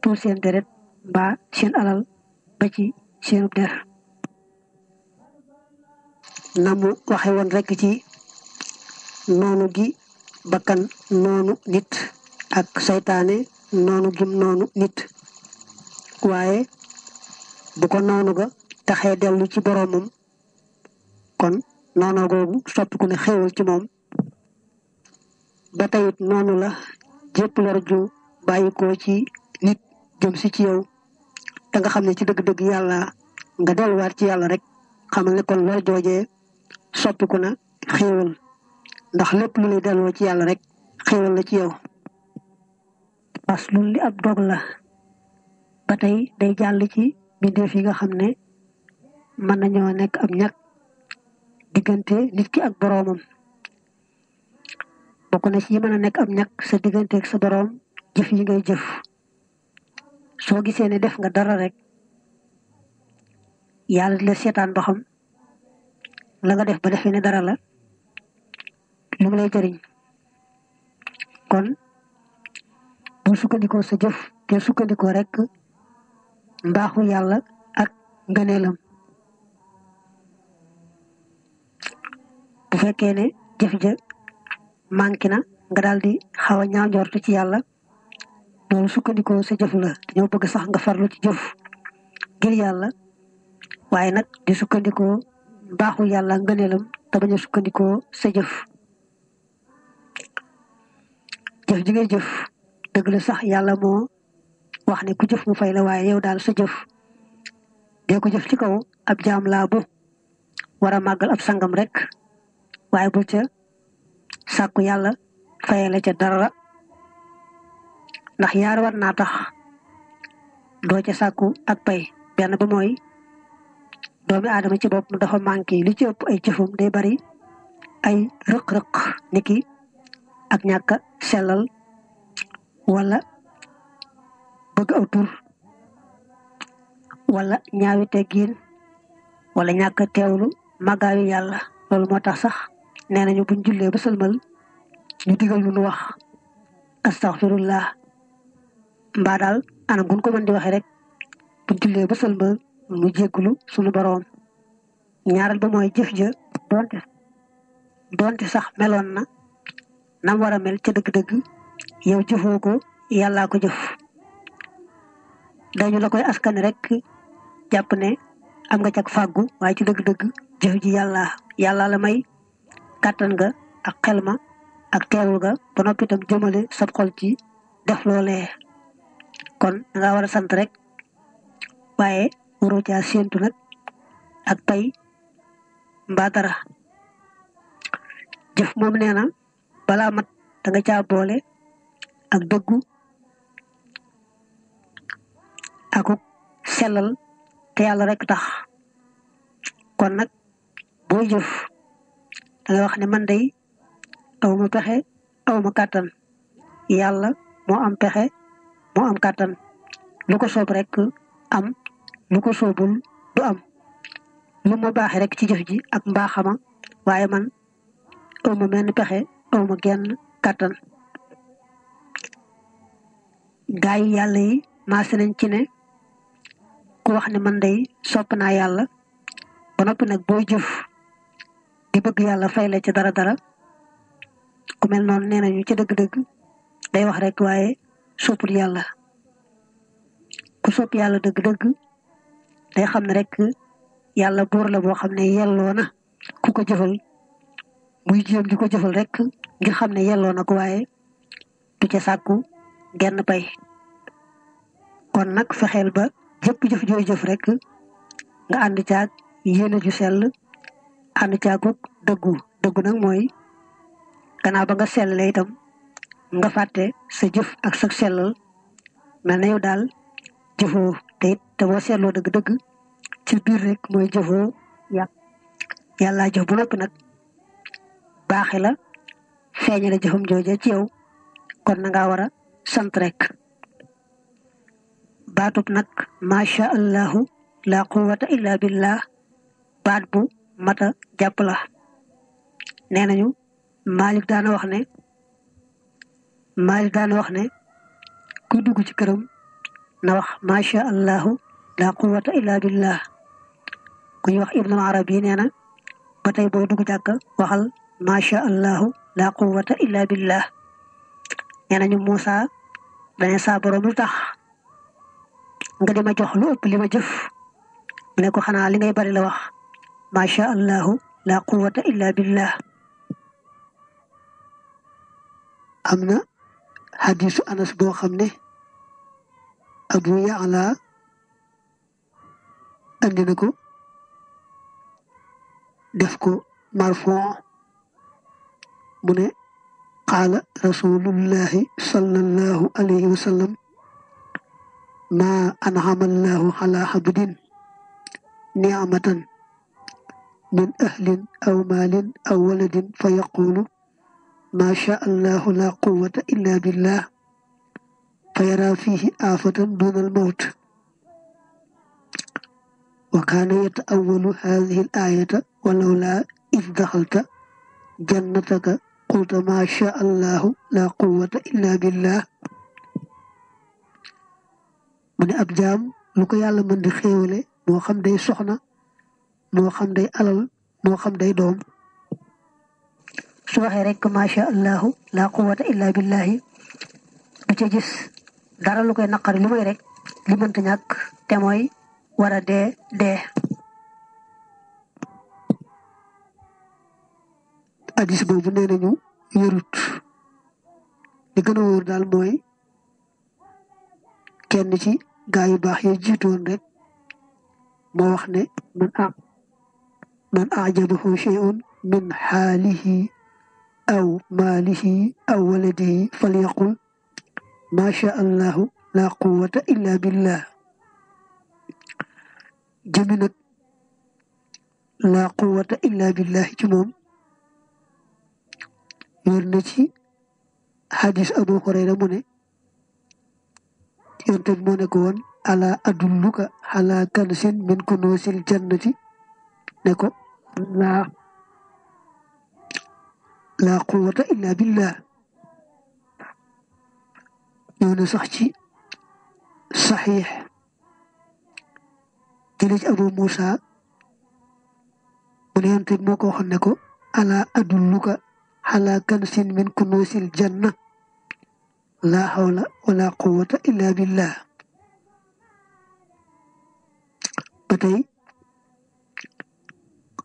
tuur seen deret mbaa seen alal ba ci seenu der namu waxe woon rek ci noonu gi bakkan noonu nit ak saytaane noonu gim noonu nit waaye bu ko noonu ga taxee dellu ci boromam kon noonu googu soppiku ne xéewal ci moom ba tayit la jep lor ju ci nit jëm ci ci yow ta nga xamne ci deug deug yalla nga war ci yalla rek xamal ne kon lor soppi ko na xéewal ndax lepp lu lay delloo ci yalla rek xéewal la ci yow parce lu li ab dog la ba day jall ci bindeef yi nga xamne ne nañu nek ab ñàkk digante nit ki ak boromam bokku na ci mëna nek am ñak sa digënté ak sa borom jëf yi ngay jëf so gisé né def nga dara rek yalla la sétan doxam la nga def ba defé né dara la lu lay jëriñ kon bu sukkandiko sa jëf té sukkandiko rek mbaxu yalla ak ngeenelam bu fekké né jëf ja mankina na nga daal di xaw a ñaaw njortu ci yàlla loolu sukkandikoo sa jëf la dañoo bëgg sax nga farlu ci jëf ngir yalla waye nak di ko baaxu yàlla ngëneelam te bañ a sukkandikoo sa jëf jëf ji ngay jëf deug la sax yalla mo wax ni ku jëf mu fay la waye yow daal sa jëf de ko jëf ci kaw ab jam la bu wara magal ab sangam rek waye bu ca Saku yalla fayale ca dara ndax yaar war na tax do ca sakku ak pay benn ba mooy doomi adama ci bop dafa manki li ci ëpp ay jëfum day bari ay rek rek niki ak ñaka selal wala bëgg aw tur wala ñaawi teggiin wala ñaka tewlu magawi yalla loolu motax sax nenañu buñ jullee ba salmal ñu digal ñu wax astaghfirullah mba dal anam buñ ko mën di waxe rek buñ jullee ba salmal mu jéggulu suñu borom ñaaral ba moy jëf jë donte donte sax melon na nam wara mel ci dëgg-dëgg yow jëfoo ko ko jëf dañu la koy askan rek japp ne am nga cak fagu way ci dëgg-dëgg jëf ji yalla yalla la may kàttan ga ak xel ma ak teewul ga ba noppi itam jëmale sab xol ci def loolee kon da nga war a sant rek waaye waroo caa séentu nag ak tey mbaa dara jëf moom nee na balaa mat da nga caa boole ak dëggu akuk sellal te yàlla rek tax kon nag boo jëf da nga wax ne man day aw ma pexe aw ma kàttan yàlla moo am pexe moo am kàttan lu ko soob rek am lu ko soobul du am lu ma baaxee rek ci jëf ji ak mbaaxama waaye man aw ma menn pexe aw ma gen kàttan gaa yi yàlla yi maase nañ ci ne ku wax ne man day sopp naa yàlla ba noppi nag booy jëf di bëgg yàlla fay la ci dara dara ku mel noonu nee nañu ci dëgg-dëgg day wax rek waaye soppul yàlla ku sopp yàlla dëgg-dëgg day xam ne rek yàlla buur la boo xam ne yelloo na ku ko jëfal muy ko jëfal rek xam ne yelloo na ko waaye du ca sàkku genn nag fexeel ba jëpp jëf jooy jëf rek nga ànd caag yéene ju sell ànd caagug dëggu dëggu nag mooy gannaaw ba nga sellalee itam nga fàtte sa jëf ak sa sellal mel na yow daal jëfoo te it te boo seetloo dëgg-dëgg ci biir rek mooy jëfoo yàq yàllaa jëf bu noppi nag baaxe la feeñale jëfam jooja ci yow kon na ngaa war a sant rek baatub nag macha allahu la quwata illa billah baat bu mata jàpp la nee nañu Malik daana wax ne Malik daana wax ne kuy dugg ci këram na wax macha allahu la quwwata illa billah ku ñuy wax ibnu arabi nee na ba tey booy dugg jàkk waxal macha allahu la quwwata illa billah nee nañu Moussa dane saa lu tax nga di ma jox lu ëpp li ma jëf mu ne ko xanaa li ngay bari la wax ما شاء الله لا قوة إلا بالله أمنا حديث أنس بو خمني أبو يعلى أندنكو دفكو مرفوع مني قال رسول الله صلى الله عليه وسلم ما أنعم الله على عبد نعمة من أهل أو مال أو ولد فيقول ما شاء الله لا قوة إلا بالله فيرى فيه آفة دون الموت وكان يتأول هذه الآية ولولا إذ دخلت جنتك قلت ما شاء الله لا قوة إلا بالله من أبجام لكي يعلم من دخيولي moo xam moo xam day alal moo xam day doom su waxee rek masha allahu la quwata illa billahi du ca gis dara lu koy naqari lu may rek li mënta ñàkk te mooy war a dee dee hadis boobu nee nañu yërut li gën a wóor daal kenn ci gaa yu baax jiitoon rek moo wax ne man am من أعجبه شيء من حاله أو ماله أو ولده فليقل ما شاء الله لا قوة إلا بالله جمنا لا قوة إلا بالله جمم يرنجي حديث أبو هريرة منه yonte bi moo nekkoon ala adulluka ala kansin min kunuusil لا لا قوة إلا بالله يونس أختي صحيح تلج أبو موسى ولين ينتج موكو خنكو ألا أدلك على كنس من كنوس الجنة لا حول ولا قوة إلا بالله بتي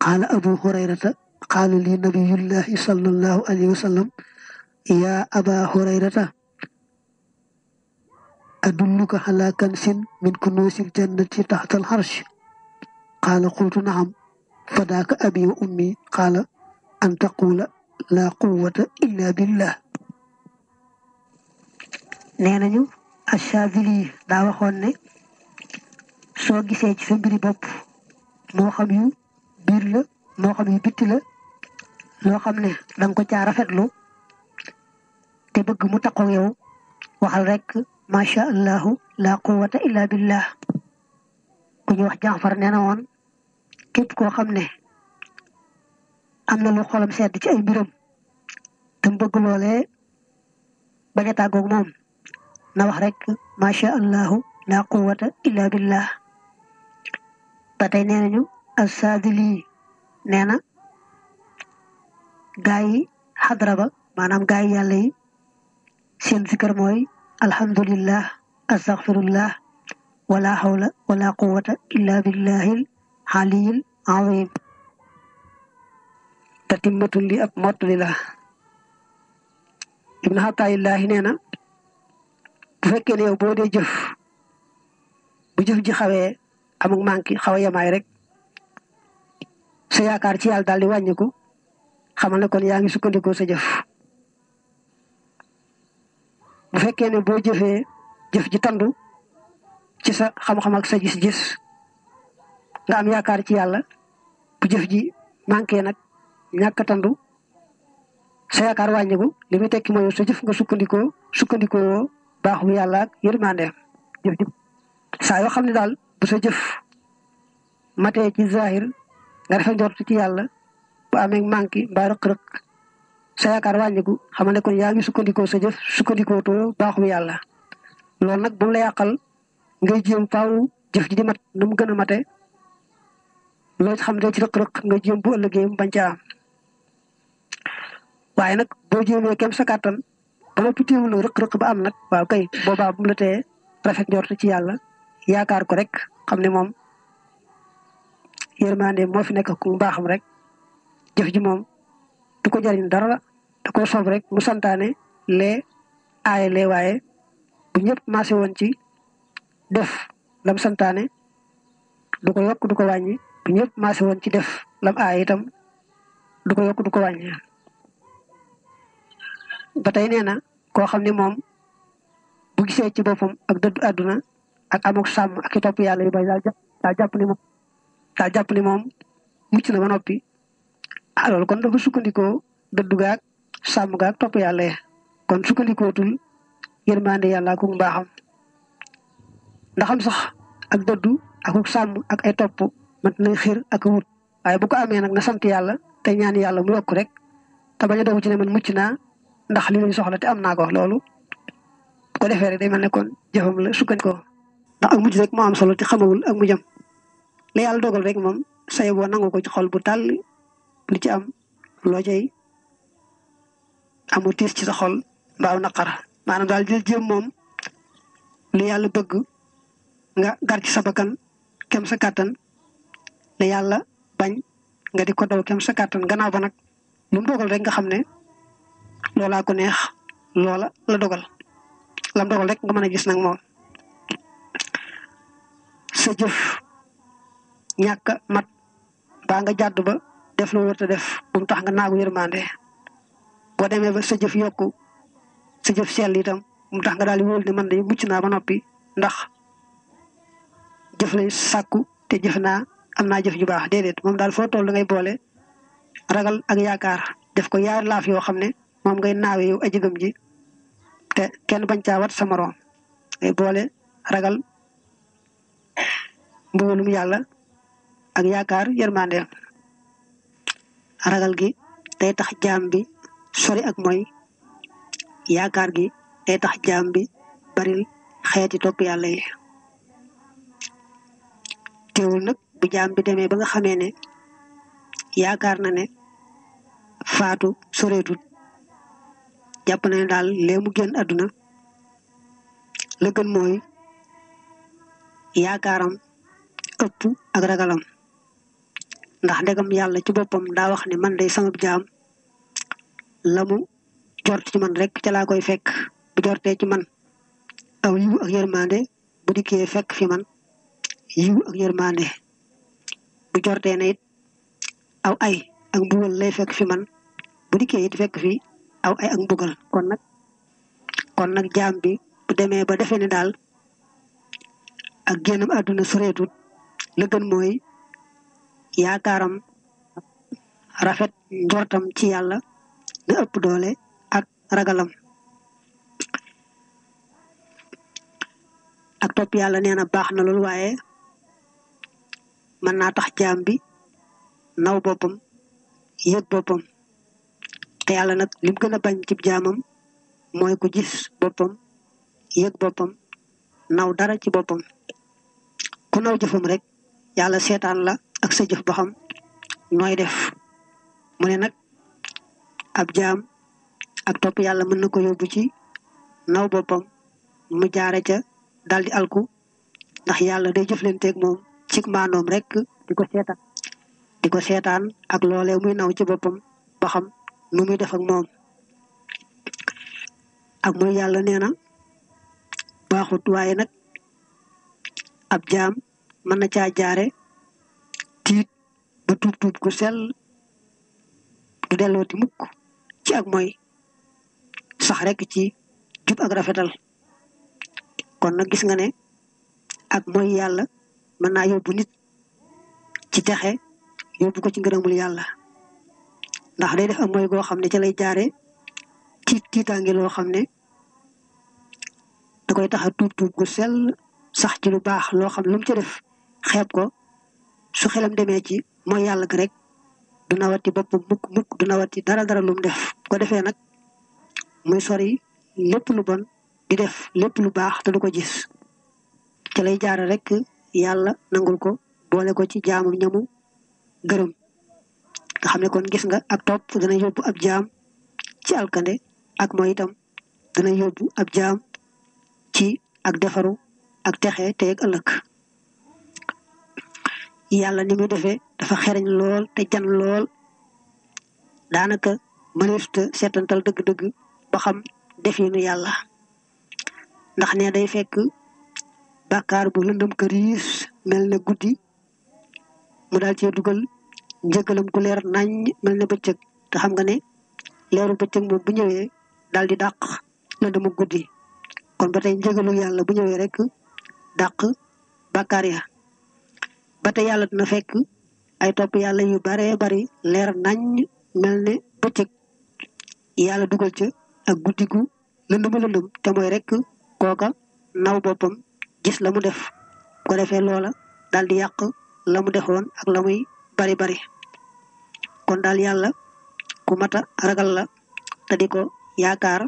قال أبو هريرة قال لي نبي الله صلى الله عليه وسلم يا أبا هريرة أدلك على كنس من كنوز الجنة تحت العرش قال قلت نعم فداك أبي وأمي قال أن تقول لا قوة إلا بالله نينا الشاذلي دعوة خوني سوى gisee ci sa مو bopp bir la moo xam yu bitti la loo xam ne da ko caa rafetlu te bëgg mu taxaw yow waxal rek macha allahu la quwwata illa billah ku ñu wax jaafar nee na woon képp koo xam ne am na lu xolam sedd ci ay mbiram te bëgg loolee bañ a tàggoog moom na wax rek macha allahu la quwwata illa billah ba tey assaadili nee na gaa yi xadra ba maanaam gaa yi yàlla yi seen zikar mooy alhamdulillah astaghfirullah wala hawla wala quwwata illa billahil aliyil azim tatimmatun li ab mottali la ibnu xataayillahi nee na bu fekkee ne yow boo dee jëf bu jëf ji xawee amuk manki xaw a yamaay rek sa yaakaar ci yàlla daal di ko xamal ne kon yaa ngi sukkandikoo sa jëf bu fekkee ne boo jëfee jëf ji tandu ci sa xam-xam ak sa gis-gis nga am yaakaar ci yàlla bu jëf ji manqué nag ñàkk tandu sa yaakaar wàññiku li muy tekki mooy sa jëf nga sukkandikoo sukkandikoo baaxu yàlla ya ak yërmandeem jëf ji saa yoo xam ne bu sa jëf matee ci zahir nga rafet njort ci yalla bu amee manki ba rek rek sa yaakaar wàññiku xamal ne kon yaangi sukkandiko sa jëf sukkandiko to baaxum yalla lool nak bu la yakal ngay jëm faaw jëf ji di mat nu gëna maté lo xam de ci rek rek nga jëm bu ëllëgé mu bañ caa am waaye kem sa kàttan ba tuté wu rek rek ba am nak waaw kay boba bu la té rafet njort ci yalla yaakaar ko rek xamne mom yërmande moo fi nekk ku mbaaxam rek jëf ji moom du ko jariñ dara la da ko soob rek mu santaane lee aaye lee waaye bu ñëpp maase woon ci def lam santaane du ko yokk du ko wàññi bu ñëpp woon ci def lam aaye itam du ko yokk du ko wàññi ba tey nee na koo xam ni moom bu gisee ci boppam ak dëddu àdduna ak amuk sàmm ak i topp yàlla yi bay daa jàpp ne moom mucc na ba noppi ah loolu kon dafa sukkandikoo dëddu gaag sàmm gaag topp yàlla ya kon sukkandikootul yërmande yàlla ak mbaaxam ndaxam sax ak dëddu ak sàmm ak ay top mat nay xir ak wut waaye bu ko amee nag na sant yàlla te ñaan yàlla mu yokk rek te bañ a ci ne man mucc naa ndax li lañ soxla te am naa ko loolu bu ko defee rek day mel ne kon jëfam la sukkandikoo ndax ak mujj rek moo am solo te xamawul ak mujjam la yàlla dogal rek moom saya boo nangu ko ci xol bu tàll li ci am loo cay amu tiis ci sa xol mbaaw naqara maanaam daal jël jëm moom li yàlla bëgg nga gar ci sa bakkan kem sa kàttan li yàlla bañ nga di ko daw kem sa kàttan gannaaw ba nag lu mu dogal rek nga xam ne loolaa ko neex loola la dogal lam dogal rek nga mën a gis nag moom sa jëf ñàkk mat mbaa nga jàdd ba def loo warta def bu mu tax nga naagu yërmande boo demee ba sa jëf yokku sa jëf sell itam bu mu tax nga daal di wóol ne man de mucc naa ba noppi ndax jëf lay sàkku te jëf naa am naa jëf ju baax déedéet moom daal foo toll da ngay boole ragal ak yaakaar def ko yaar laaf yoo xam ne moom ngay naawe yow aji gëm ji te kenn bañ caa samoroom sa boole ragal mbugalum yàlla ak yaakaaru yërmandeem ragal gi day tax jaam bi sori ak moy yaakaar gi day tax jaam bi bari xeeti topp yàlla yi teewul nag bu jaam bi demee ba nga xamee ne yaakaar na ne faatu soreetul jàpp na daal mu génn àdduna la gën mooy yaakaaram ëpp ak ragalam ndax dagam yàlla ci boppam daa wax ne man day sama jaam lamu jort ci man rek ca laa koy fekk bu jortee ci man aw yiw ak yermande bu dikkee fekk fi man yiw ak yermande bu jortee na it aw ay ak mbugal lay fekk fi man bu dikkee it fekk fi aw ay ak mbugal kon nag kon nag jaam bi bu demee ba defee ne daal ak génnam àdduna soreetut la gën mooy yaakaaram rafet njortam ci yàlla nga ëpp doole ak ragalam ak topp yàlla nee na baax na lool waaye mën naa tax jaam bi naw boppam yëg boppam te yàlla nag lim gën a bañ ci jaamam mooy ku gis boppam yëg boppam naw dara ci boppam ku naw jëfam rek yàlla seetaan la ak sa jëf nooy def mu ne nag ab jaam ak topp yàlla mën na ko yóbbu ci naw boppam mu jaare ca daal di alku ndax yàlla day jëflanteeg moom ci maandoom rek di ko seetaan di ko seetaan ak loolee muy naw ci boppam ba xam nu muy def ak moom ak mooy yàlla nee na baaxut nag ab jaam mën na caa jaare ba tuub tuub ku sell du dellooti ci ag mooy sax rek ci jub ak rafetal kon nag gis nga ne ak mooy yàlla mën naa yóbbu nit ci texe yóbbu ko ci ngërëmul yàlla ndax de def ak mooy goo xam ne ca lay jaare ci tiitaange loo xam ne da koy tax a tuub tuub gu sell sax ci lu baax loo xam lu mu ca def xeeb ko su xelam demee ci mooy yàlla gi rek du nawati boppam mukk mukk du nawati dara dara lu def bu ko defee nag muy sori lépp lu bon di def lépp lu baax te du ko gis te lay jaara rek yàlla nangul ko boole ko ci jaamu ñamu gërëm nga xam ne kon gis nga ak topp dana yóbbu ab jaam ci alkande ak mooy itam dana yóbbu ab jaam ci ak defaru ak texe teeg ëllëg yàlla ni muy defee dafa xereñ lool te jan lool daanaka mëneesuta seetantal dëgg-dëgg ba xam definu yàlla ndax ne day fekk bàkkaar bu lëndëm këriis mel ne guddi mu daal cee dugal njëgalam ku leer nañ mel ne bëccëg te xam nga ne leeru bëccëg moom bu ñëwee daal di dàq lëndëmu guddi kon ba tey njëgalu yàlla bu ñëwee rek dàq bàkkaar ya bata yalla dina fekk ay top yalla yu bare bari leer nañ mel ne yalla duggal ci ak guddigu gu lëndum lëndum te moy rek koka naw bopam gis la mu def ko defé loola dal di yaq la mu defoon ak la muy bari bari kon dal yalla ku mata ragal la te diko ko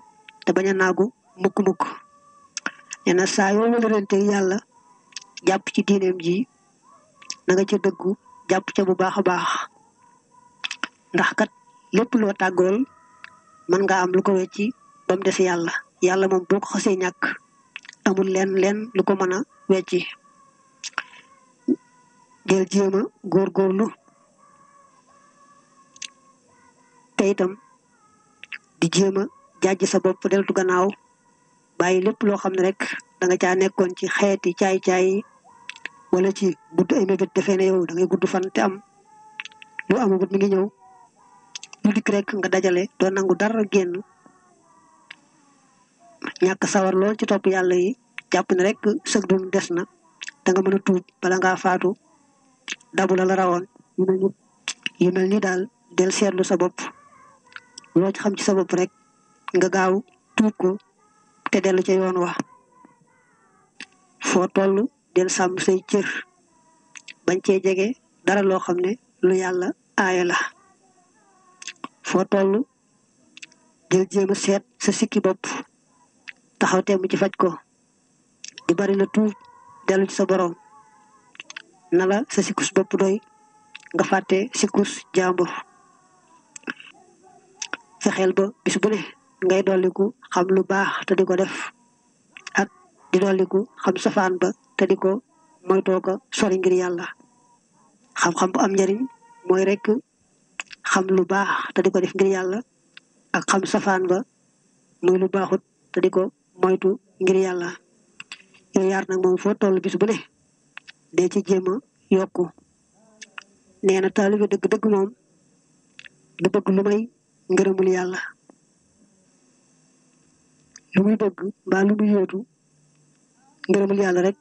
te baña nagu mukk mukk ena na saa yoo yalla yàlla ci dinem ji na nga ca dëggu jàpp ca bu baax a baax ndax kat lépp loo tàggool mën nga am lu ko wecci ba mu des yàlla yàlla moom boo ko xasee ñàkk leen leen lu ko mën a wecci del jéem a góorgóorlu te itam di jéem a jàjj sa bopp deltu gannaaw bàyyi lépp loo xam ne rek danga caa nekkoon ci xeeti caay-caay wala ci gudd ay mebet defee ne yow da ngay gudd fan te am lu amagut mi ngi ñew ñu dik rek nga dajale do nangu dara genn ñak sawar lool ci top yalla yi japp ne rek sëg dum des na da nga mëna tuut bala nga faatu dabu la la rawon yu mel yu del seetlu sa bop lo ci xam ci sa bop rek nga gaaw ko te delu ci yoon wax fo tollu del sam say cieur bañ cey jege dara lo xamné ne lu yalla ayé la fo tollu del jëm a sa sikki bop taxaw mu ci fajj ko di bari na tu delu ci sa borom nala la sa sikkus bop doy nga fàtte sikkus sa xel ba bisu bu ngay doliku xam lu baax te diko def di doliku xam safaan ba te di ko moytoo ko sori ngir yàlla xam-xam bu am njariñ mooy rek xam lu baax te di ko def ngir yàlla ak xam safaan ba muy lu baaxut te di ko moytu ngir yàlla yow yaar nag moom foo toll bis bu ne dee ci tali yokku nee na taalibe dëgg-dëgg moom du bëgg lu may ngërëmul yàlla lu muy bëgg mbaa lu muy yóotu ngërëmul yàlla rek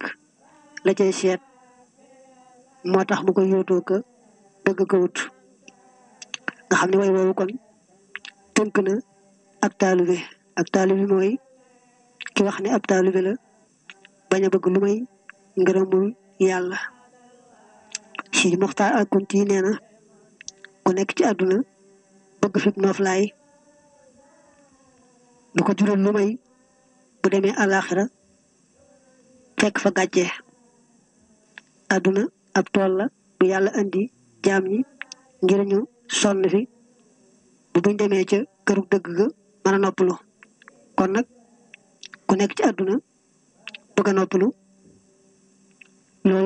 la cay seet moo tax mu koy yóotoo ko dëgg ko wut nga xam ne way woowu kon tënk na ak taalibe ak taalibe mooy ki wax ne ab taalibe la bañ a bëgg lu may ngërëmul yàlla si moxtaar ak kunti nee na ku nekk ci àdduna bëgg fi noflaay du ko jural lu may bu demee àllaaxira tek fa gàcce aduna ab tol la bu yalla andi jam ñi ngir ñu sonn fi bu buñ démé ci kërug dëgg ga mëna noppulu kon nak ku nekk ci aduna bëgg a loolu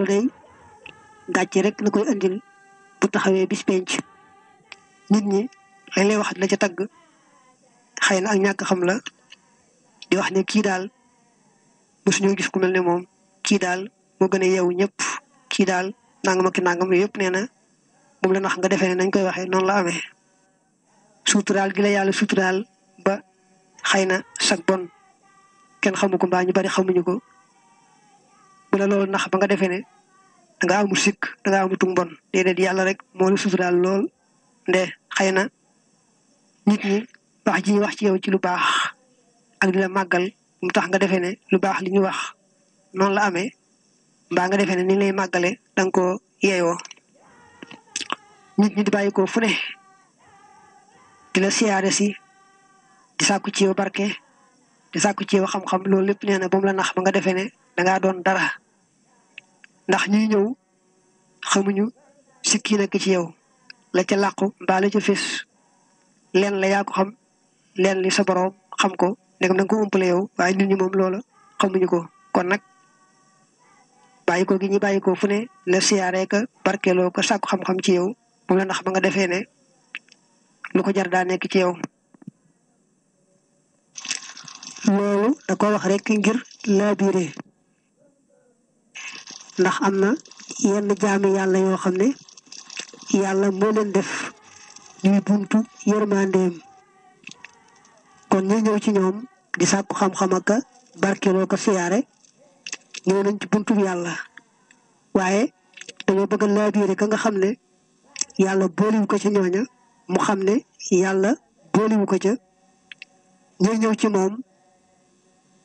day gàcce rek la koy andil bu taxawee bis penc nit ñi lay lay wax la ca tagg xëy na ak ñàkk xam la di wax ne kii daal mosuñoo gis ku mel ne moom kii daal moo gën a yeewu ñëpp kii daal nangam ak nangam yooyu yëpp nee na moom la nax nga defee ne nañ koy waxee noonu la amee. suturaal gi la yàlla suturaal ba xëy na sag bon kenn xamu ko ñu bari xamuñu ko bu la loolu ndax ba nga defee ne da nga amul sikk da nga amatu mbon déedéet yàlla rek moo la suturaal lool nde xëy na nit ñi baax ji wax ci yow ci lu baax ak di la màggal. mu tax nga defee ne lu baax li ñu wax noonu la amee mbaa nga defee ne ni lay màggale da nga koo yeeyoo nit ñi di bàyyi ko fu ne di la siyaare si di sàkku ci yow barke di sàkku ci yow xam-xam loolu lépp nee na ba la nax ba nga defee ne dangaa doon dara ndax ñuy ñëw xamuñu sikki nekk ci yow la ca làqu la ca fés la yaa xam leen li sa xam ko ndegam da nga ko umpale yow waaye nit ñi moom loola xamuñu ko kon nag bàyyi ko gi ñu bàyyi ko fu ne la siyaaree ka barkeeloo xam-xam ci yow moom la ndax ba nga defee ne lu ko jar daa nekk ci yow. da ko wax rek ngir laabire ndax am na yenn jaami yàlla yoo xam ne yàlla moo leen def ñuy buntu yërmandeem. kon ñi ñëw ci ñoom di sàkku xam-xam ak barkeeloo ko siyaare ñëw nañ ci buntu yàlla waaye dañoo bëgg laa biire ka nga xam ne yàlla booliwu ko ca ñooña mu xam ne yàlla booliwu ko ca ñëw ñëw ci moom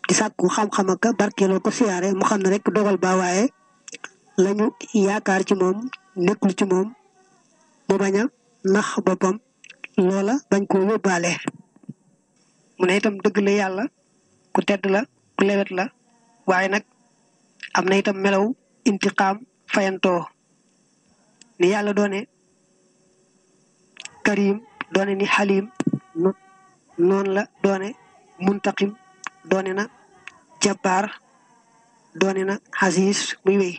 di sàkku xam-xam ak barkeeloo siyaare mu xam ne rek dogal ba waaye lañu yaakaar ci moom nekkul ci moom mu bañ a nax boppam loola bañ koo yóbbaale mu ne itam dëgg la yàlla ku tedd la ku lewet la waaye nag am na itam melaw intiqaam fayantoo ni yàlla doone karim doone ni xalim noonu la doone muntaqim doone na jabbaar doone na asis muy wéy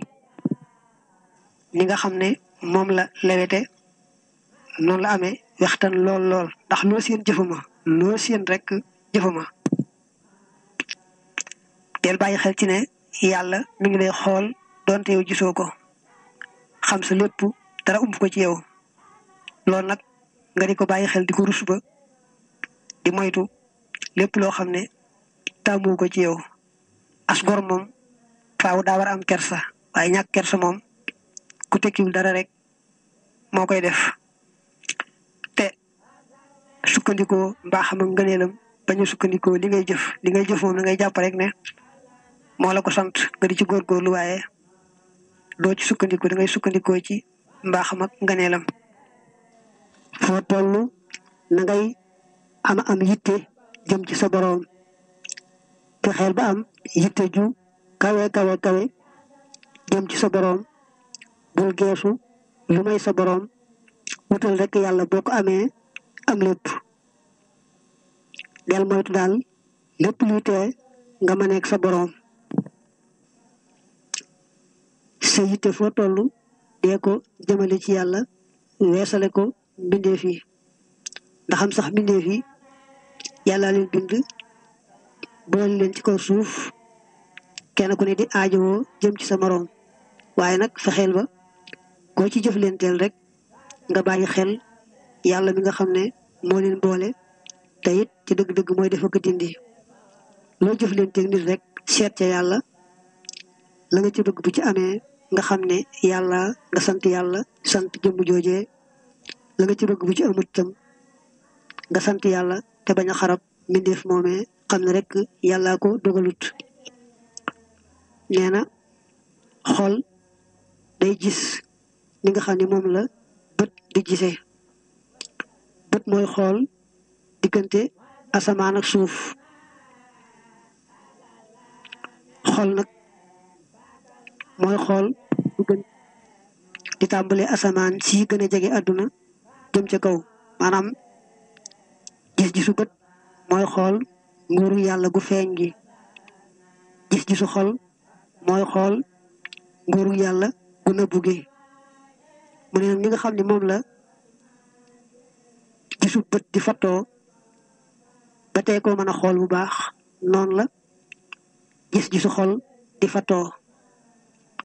ni nga xam ne moom la lewete noonu la ame waxtaan lool lool ndax loo seen jëfuma loo seen rek jëfuma del bàyyi xel ci ne yàlla mi ngi lay xool doonte yow gisoo ko xam sa lépp dara ump ko ci yow loolu nag nga di ko bàyyi xel di ko di moytu lépp loo xam ne tàmmu ko ci yow as gor moom faaw daa war am kersa waaye ñàkk kersa moom ku tekkiwul dara rek moo koy def sukkandikoo mbaaxam ak ngëneelam bañ a sukkandikoo ngay jëf li ngay jëf moom da ngay jàpp rek ne moo la ko sant nga di ci góorgóorlu waaye doo ci sukkandiku da ngay sukkandikoo ci mbaaxam ak ngëneelam. foo toll na ngay am am yitte jëm ci sa boroom te ba am yitte ju kawe kawe kawe jëm ci sa boroom bul geesu lu sa boroom wutal rek yàlla boo ko amee. ak lépp del moytu daal lépp luy tee nga mën nekk sa boroom sa yitte foo toll dee ko ci yàlla weesale ko mbindeef yi ndax sax mbindeef yi yàlla leen bind boole leen ci kaw suuf kenn ku ne di aajowoo jëm ci sa moroom waaye nag fexeel ba koo ci jëflenteel rek nga bàyyi xel yàlla mi nga xam ne moo leen boole te it ci dëgg-dëgg mooy dafa ko dindi loo jëf leen teg nit rek seet ca yàlla la nga ci bëgg bu ci amee nga xam ne yàlla nga sant yàlla sant jëmm joojee la nga ci bëgg bu ci amut itam nga sant yàlla te bañ a xarab mbindeef moomee xam ne rek yàllaa ko dogalut nee na xool day gis li nga xam ne moom la bët di gisee mooy xool diggante asamaan ak suuf xool nag mooy xool di tàmbale asamaan si gën a jege àdduna jëm ca kaw maanaam gis-gisu bët mooy xool nguuru yàlla gu feeñ gi gis-gisu xol mooy xool nguuru yàlla gu nëbbu gi mu ne nag ñi xam ne moom la gisul bët di fattoo ba tey koo mën a xool bu baax noonu la gis-gisu xol di fattoo